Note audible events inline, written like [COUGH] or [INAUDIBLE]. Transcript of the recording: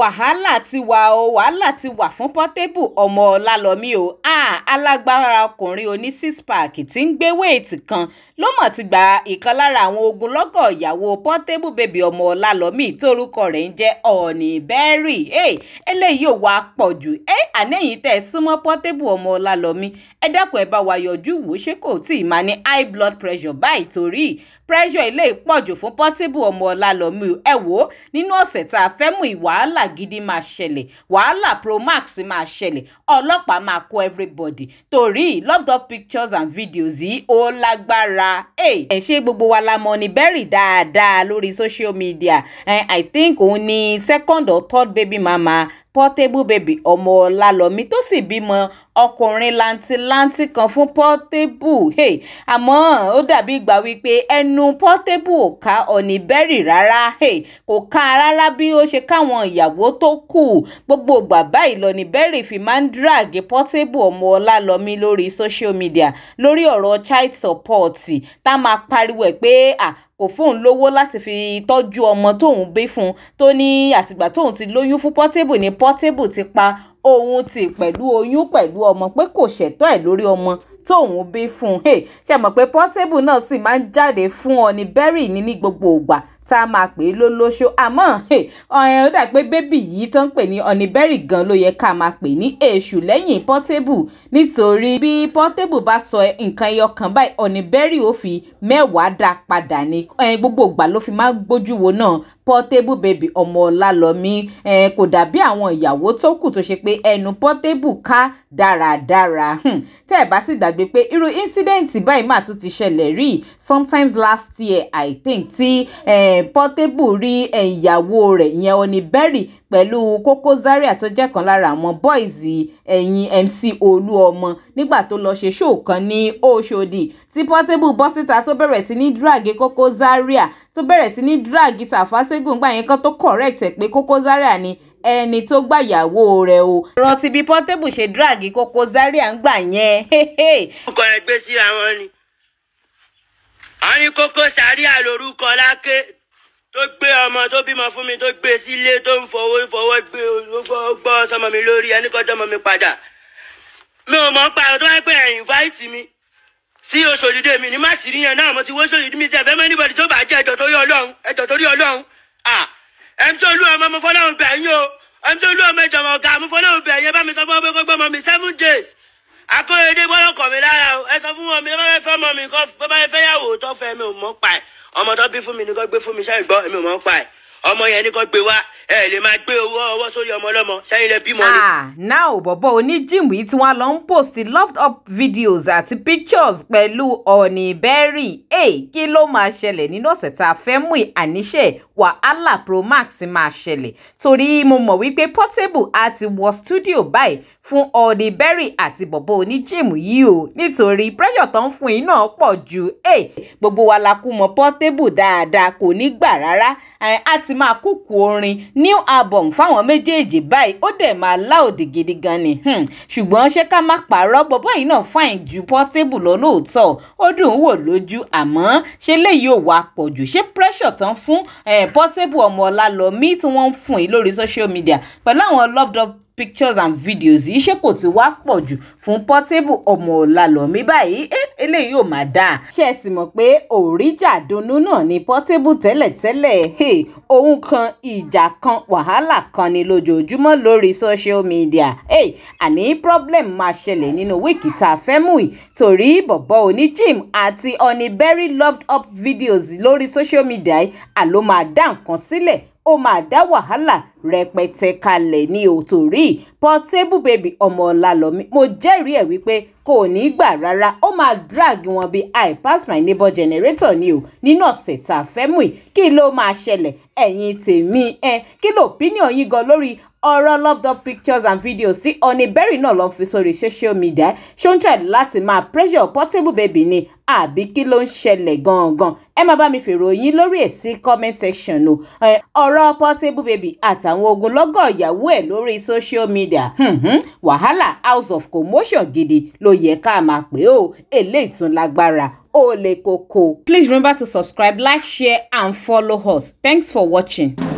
wàhálà ti wà o wàhálà ti wà fún pọ́tébù ọmọ ọlálọ́mí o alágbára ọkùnrin oní six pack tí ń gbé wéètì kan ló mọ̀ ti gba ìkan lára àwọn ogunlọ́gọ̀ ìyàwó pọ́tébù bèbí ọmọ ọlálọ́mí tórúkọ rẹ̀ ń jẹ́ ọ̀ọ̀nì bẹ́ẹ̀rì eléyìí ò wá pọ̀ jù ànẹ́yìn tẹ́ ẹ súnmọ́ pọ́tébù ọmọ ọlálọ́mí ẹ dákun ẹ bá wa yọjú wò ṣé kò tí ì máa ní high blood pressure báyìí torí pressure ilé ìpọ̀jù fún pọ́tébù ọmọ ọlálọ́mí ẹ wò nínú ọ̀sẹ̀ tá a fẹ́ mú ìwàhálà gidi máa ṣẹlẹ̀ wàhálà promax máa ṣẹlẹ̀ ọlọ́pàá máa kó everybody torí loved up pictures and videos yìí ó lágbára. ẹ ṣé gbogbo wa la mọ̀ ní Berry dáadáa lórí social media I think òun ni second or third baby mama Portable Baby ọmọ Ọlálọ́mí tó sì bímọ ọkùnrin làǹtìlanti kan fún Portable hey, àmọ́ ó dàbí ìgbà wípé ẹnu Portable ò ká Ọ̀nìbẹ́rì rárá hey, kò ká rárá bí ó ṣe káwọn ìyàwó tó kù gbogbo ìgbà báyìí lọ́nìbẹ́rì fi máa ń drag Portable ọmọ Ọlálọ́mí lórí social media lórí ọ̀rọ̀ child support tá máa pariwo ẹ̀ pé ah kò fóun lówó láti fi tọ́jú ọmọ tóun bí fún tó ní àtìgbà tóun ti lóyún fún Portable ní Portable ti pa òun ti pẹ̀lú oyún pẹ̀lú ọmọ pé kò ṣẹ̀tọ́ ẹ̀ lórí ọmọ tóun bí fún un ṣe mọ̀ pé Portable náà sì máa ń jáde fún ọ ní bẹ́rì ní ní gbogbo ìgbà tá a máa pè é lólóṣó àmọ́ ọ̀hún ó dà pé bébì yìí tó ń pè ní ọ̀nìbẹ́rì gan ló yẹ ká máa pè ní èṣù lẹ́yìn pọ́tébù nítorí bí pọ́tébù bá sọ nǹkan ẹyọ kan báyìí ọ̀nìbẹ́rì ó fi mẹ́wàá dá padà ní gbogbo ìgbà ló fi máa ń gbójú wo náà Portable Baby ọmọ Ọlálọ́mí kò dàbí àwọn ìyàwó tó kù tó ṣe pé ẹnu Portable ká dáradára hmm. tẹ́ ẹ̀ bá sì gbàgbé pé irú ínsídẹ́ǹtì báyìí mà tún ti ṣẹlẹ̀ rí sometimes last year I think eh, Portable rí ìyàwó rẹ̀ ìyẹn Oni Berry pẹ̀lú Koko Zaria tó jẹ́ kan lára àwọn boys ẹ̀yìn MC Olúọmọ nígbà tó lọ ṣe ṣóò kan ní Òṣòdì tí Portable bọ́ síta tó bẹ̀rẹ̀ sí ní dragi Koko Zaria tó bẹ̀rẹ̀ sí ní dragi Tafa àtẹ́gùn gbà yẹn kan tó correct ẹ̀ pé Koko Zaria ni ẹni tó gbàyàwó rẹ̀ o. rántí bí Portable ṣe drag Koko Zaria ń gbà yẹn. [LAUGHS] orúkọ ẹ gbé síra ni a ní Koko Zaria lórúkọ lákè tó gbé ọmọ tó bímọ fún mi tó gbé sílé tó ń fọwọ́ fọwọ́ gbé gbọ́ sọmọ mi lórí ẹni kọjọ́ mọ mi padà mi ò mọ̀ pa ọ̀dọ́ ẹgbẹ́ ẹ̀yìn fáìtì mi sí oṣòdìdé mi ní má sì rí náà mo ti wọ́ṣòdìdí mi tẹ̀ fẹ́ mọ́ níbọ̀dì tó bá jẹ́ ẹ̀jọ̀ torí ọlọ́run ẹ̀jọ̀ torí ọlọ́run ẹni tó lú ọmọ mo fọlọ́run bẹ̀ yín o ẹni tó lú ọmọ ìjọba ọ̀gá mo fọlọ́run bẹ̀ yín bá mi sọ fún ọmọ gbogbo ọmọ mi seven days akóyedé gbọ́dọ̀ kọ̀ mí lára o ẹ sọ fún wọn mi bá fẹ́ ọmọ mi kọ́ bá fẹ́ yàwó tó fẹ́ mi ò mọ́ pa ẹ̀ ọmọ tó bí fún mi ni kò gbé fún mi ṣáà gbọ́ mi ò mọ́ pa ẹ̀ ọmọ yẹn ní kò gbé wá ẹ lè máa gbé owó ọwọ́ sórí ọmọ ọlọ́mọ sẹ́yìn lẹ bímọ ni. Ah, now bọ̀bọ̀ oníjìmù yìí tí wọ́n lọ ń post loved up videos àti pictures pẹ̀lú ọ̀nì berry. hey, kí ló máa ṣẹlẹ̀ nínú ọ̀sẹ̀ tá a fẹ́ mú àníṣe wàhálà promax máa ṣẹlẹ̀ torí mo mọ̀ wípé portable àti wọ studio báyìí fún ọ̀nì bẹ́rì àti bọ̀bọ̀ oníjìmù yìí o nítorí pressure tó ń fún yín náà pọ̀ ju gbogbo wa la kú mọ́ portable dáadáa kò ní gbà rárá àti eh, ti máa kúkú orin new album fáwọn méjèèjì báyìí ó dẹ̀ máa láòdì gidi gan ni hmm. ṣùgbọ́n ṣé ká má pààrọ̀ bọ́bọ́ yìí náà fàìn ju Portable lọ lóòótọ́ ó dùn wò lójú àmọ́ ṣé léyìí ò wá pọ̀ jù ṣé pressure tán fún eh, Portable ọmọ Ọlálọmí tí wọ́n ń fún yìí lórí social media pẹ̀lú àwọn up pictures and videos yìí ṣé kò ti wá pọ̀ jù fún Portable ọmọ Ọlálọ́mí báyìí ẹ eléyìí ò máa dáa. ṣé ẹ sì mọ̀ pé òríjà dunnú náà ni Portable tẹ́lẹ̀tẹ́lẹ̀ ohun kan ìjà kan wàhálà kan ni lójoojúmọ́ lórí social media àní problem máa ṣẹlẹ̀ nínú wíìkì tá a fẹ́ mú yìí torí bọ̀bọ̀ òní Jim àti Honeyberry loved up videos lórí social media àló máa dá nǹkan sílẹ̀ ó máa dá wàhálà rẹpẹtẹ kalẹ̀ ní òtòrí Portable Baby ọmọ ọlálọ́mí mo jẹ́rìí ẹ̀ wípé kò ní gbà rárá ó máa drag wọn bí i pass my neighbor generator ni o nínú ọ̀sẹ̀ tá a fẹ́ mú i kí ló máa ṣẹlẹ̀ ẹ̀yin tèmi ẹ kí ló opinion yín gan lórí ọ̀rọ̀ love dot pictures and videos tí Honeyberry náà lọ fi sórí social media ṣó ń tẹ̀ láti máa pressure Portable Baby ni àbí kí ló ń ṣẹlẹ̀ gangan ẹ máa bá mi fèrò yín lórí èsì comment section o ọ̀rọ̀ Portable Baby àtàwọn ogunlọ́gọ̀ ìyàwó ẹ̀ lórí social media wàhálà house of commotion gidi ló yẹ ká máa pè ó èlé ìtúnlágbára ó lè koko. Please remember to subscribe like share and follow us. Thanks for watching.